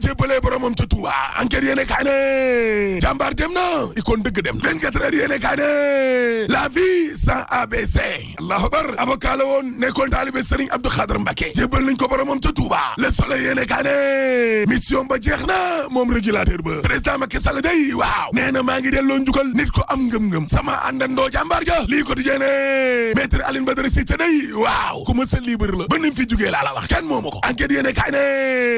jébbalee boromam ca Touba enquête yéene kaay ne jàmbaar dem na kon dëgg dem 24 heures yéene kaay ne la vie sans ABC allahu a avocat la woon nekkoon taalibe Serigne Abdou Khadr ke jébbal nañ ko boromam ca Touba Le Soleil yéene kaay ne mission ba jeex na moom régulateur ba président Macky Sall day waaw nee na maa ngi delloo njukkal nit ko am ngëm-ngëm sama àndandoo jàmbaar ja lii di ne maître Aline Badara Cissé day waaw ku ma sa libre la ba fi jugee laa la wax kenn moo ma ko enquête yéene kaay ne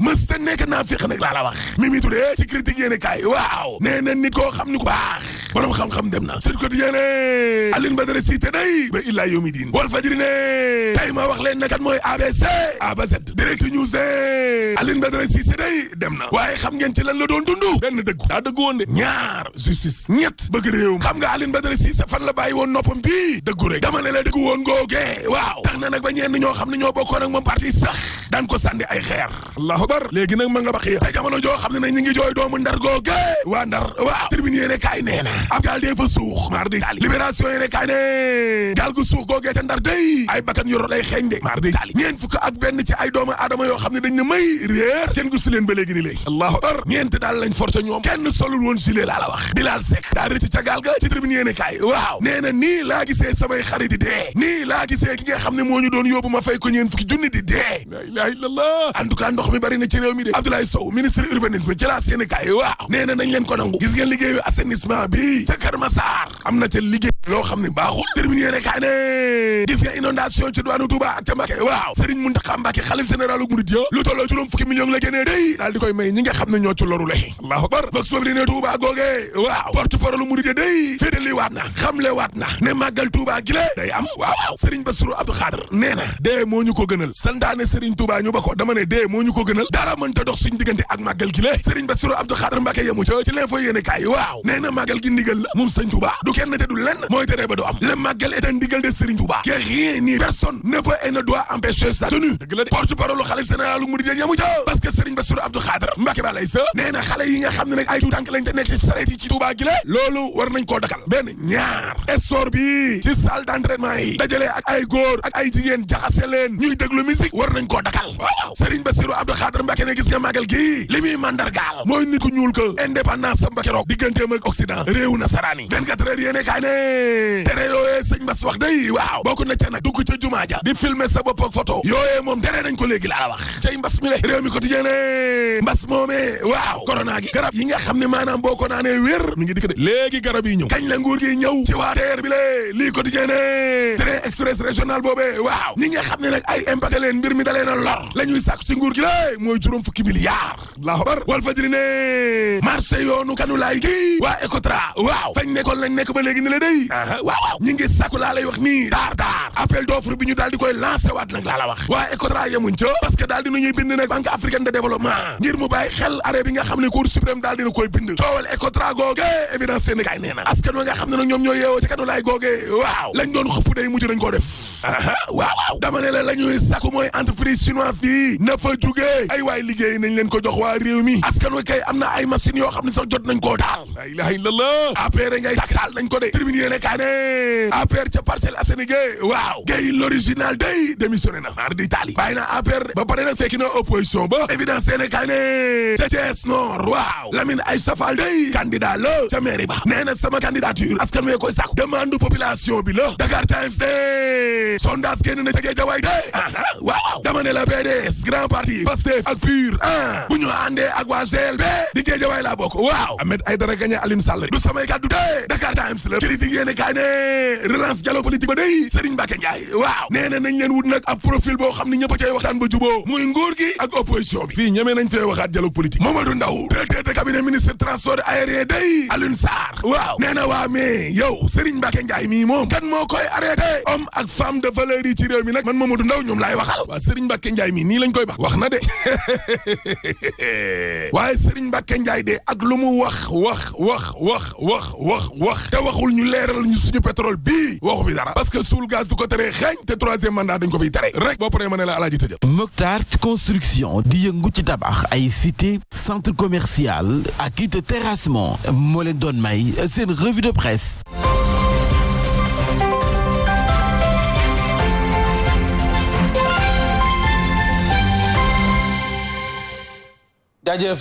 mës nag laa la wax Mimi Touré ci critique yéene kaay waaw nee na nit koo xam ni ku baax borom xam-xam dem na Sud Quotidien ne Alioune Badara Cissé day ba illaa yawmi diin Walf Fadjri ne tey ma wax leen na kat mooy ABC A ba Z Direct News ne Alioune Badara Cissé day dem na waaye xam ngeen ci lan la doon dund benn dëggu daa dëggu woon de ñaar justice ñett bëgg réew xam nga Alioune Badara sa fan la bàyyi woon noppam bii dëggu rek dama ne la dëggu woon googee waaw tax na nag ba ñenn ñoo xam ne ñoo bokkoon ak moom parti sax daan ko sànni ay xeer allahu bar léegi nag ma nga bax te jamono joo xam ne ñu ngi jooy doomu ndar googee waa ndar waaw tribune yéene kaay ab gaal dee fa suux maar di daali libération yéene kaay ne gaal gu suux googee ca ndar day ay bakkan yu xeeñ de maar di ak benn ci ay doomu aadama yoo xam ne dañ ne may réer kenn gu su leen ba léegi ni ñeent daal lañ forcé ñoom kenn solul woon gilet laa wax bilaal sek daa rëcc ca gaal ga ci tribune yéene kaay waaw nee na laa gisee samay xarit di dee nii laa gisee ki nga xam ne moo ñu doon yóbbu ma fay ko ñeent fukki junni di dee la ilaha bari na ci réew mi de Abdoulaye Sow ministre urbanisme ci bi gi ca Kër Massar am na ca liggéey loo xam ne baaxul terminé rek kaa ne gis nga inondation ci diwaanu Touba ak ca Mbacké waaw Serigne Mountakha Mbacké xalif général murid ya lu tolloo juróom fukki million la génnee daal di koy may ñi xam ne ñoo le allahu akbar vox populi ne Touba waaw porte-parole murid ya day féetali waat na xamle waat na ne màggal Touba gi le day am waaw Serigne Bassirou Abdou Khadre nee na dee moo ñu ko gënal santaane Serigne Touba ñu ba ko dama ne dee moo ñu ko gënal dara mënta dox suñu ndigal la moom Serigne Touba du kenn te du lenn mooy tere ba du am le màggal est un ndigal de Serigne Touba que rien ni personne ne peut et ne doit empêcher sa tenue dëgg la de porte-parole lu xalif généralu yamu ca parce que Serigne Bassirou Abdou Khadre Mbacké ba lay sa nee na xale yi nga xam ne nag ay tuutànk lañ te nekk sareet yi ci Touba gi la loolu war nañ koo dakal benn ñaar essor bi ci salle d'entraînement yi dajale ak ay góor ak ay jigéen jaxase leen ñuy déglu musique war réew nasaraan yi 24 heures tere yooyee sëñ Bass wax day waaw bokk na ca nag dugg ca jumaa ja di filmer sa bopp ak photo yooyee moom tere nañ ko léegi laa la wax cay mbas mi le réew mi quotidien ne mbas moomee waaw corona gi garab yi nga xam ne maanaam boo ko naanee mi ngi dikk de léegi garab yi ñëw kañ la nguur gi ñëw ci waa teer bi le lii quotidien ne express régional boobee waaw ñi nga xam ne nag ay impacté mbir mi dalee a lor la ñuy sàkk ci nguur gi lé mooy juróom fukki milliards laa xobar Walfadjri ne waaw fañ nekkoon lañ nekk ba léegi ni day aha waaw waaw ñi ngi sàkku laa wax nii daar daar appel d'offre bi ñu daal di koy lancé waat nag laa wax waa ECOTRA yemuñ ca parce que daal dinañuy bind nag banque africaine de développement ngir mu bàyyi xel arrêt bi nga xam ne cour suprême daal dina koy bind coowal ECOTRA googe évidence seen kaay askan wa nga xam ne nag ñoom ñoo yeewoo ci kanu laay googe waaw lañ doon xëpp day mujj dañ koo def aha waaw waaw dama ne ko jox wa kay am na ay yoo xam ne sax jot nañ affaire ngay tàkk nañ ko de tribune yéene kaa ne affaire ca Parcelles Assainies waaw gay l'original day démissionné na naar di taali bàyyi na affaire ba pare nag fekki na opposition ba évidence yéene kaa ne ca Thiès Nord waaw Lamine Aïssa Fall day la ca mairie ba nee sama candidature askan wee koy sàkku demande population bi la Dakar Times de sondage génn na ca Guédiawaye de ah, ah. dama ne la PDS grand parti Pastef ak PUR ah bu ñu àndee ak waa GLB di Guédiawaye laa bokk waaw Ahmed Aïdara Gagné Alioune Sall du samay kàddu de Dakar Times la critique yéene kaay ne relance dialogue politique ba day Serigne Mbacké Ndiaye waaw nee na nañ leen wut nag ab profil boo xam ne ñëpp a waxtaan ba juboo muy nguur gi ak opposition bi fii ñemee nañ fee waxaat dialogue politique Mamadou Ndaw directeur de cabinet ministre transport aérien day Alioune Sarr waaw nee na yow Serigne Mbacké Ndiaye Mbacke Ndiaye mi nii lañ koy bax wax na de waaye Serigne Mbacke Ndiaye de ak lu mu wax wax wax wax wax wax wax te waxul ñu leeral ñu suñu pétrole bii waxu fi dara parce que suul gaz du ko tere xeeñ te troisième mandat dañ ko fiy tere rek boo paree ma ne la alaaji tëjal Mokhtar construction di yëngu ci tabax ay cité centre commercial a it terrassement moo leen doon may seen revue de presse jaajëf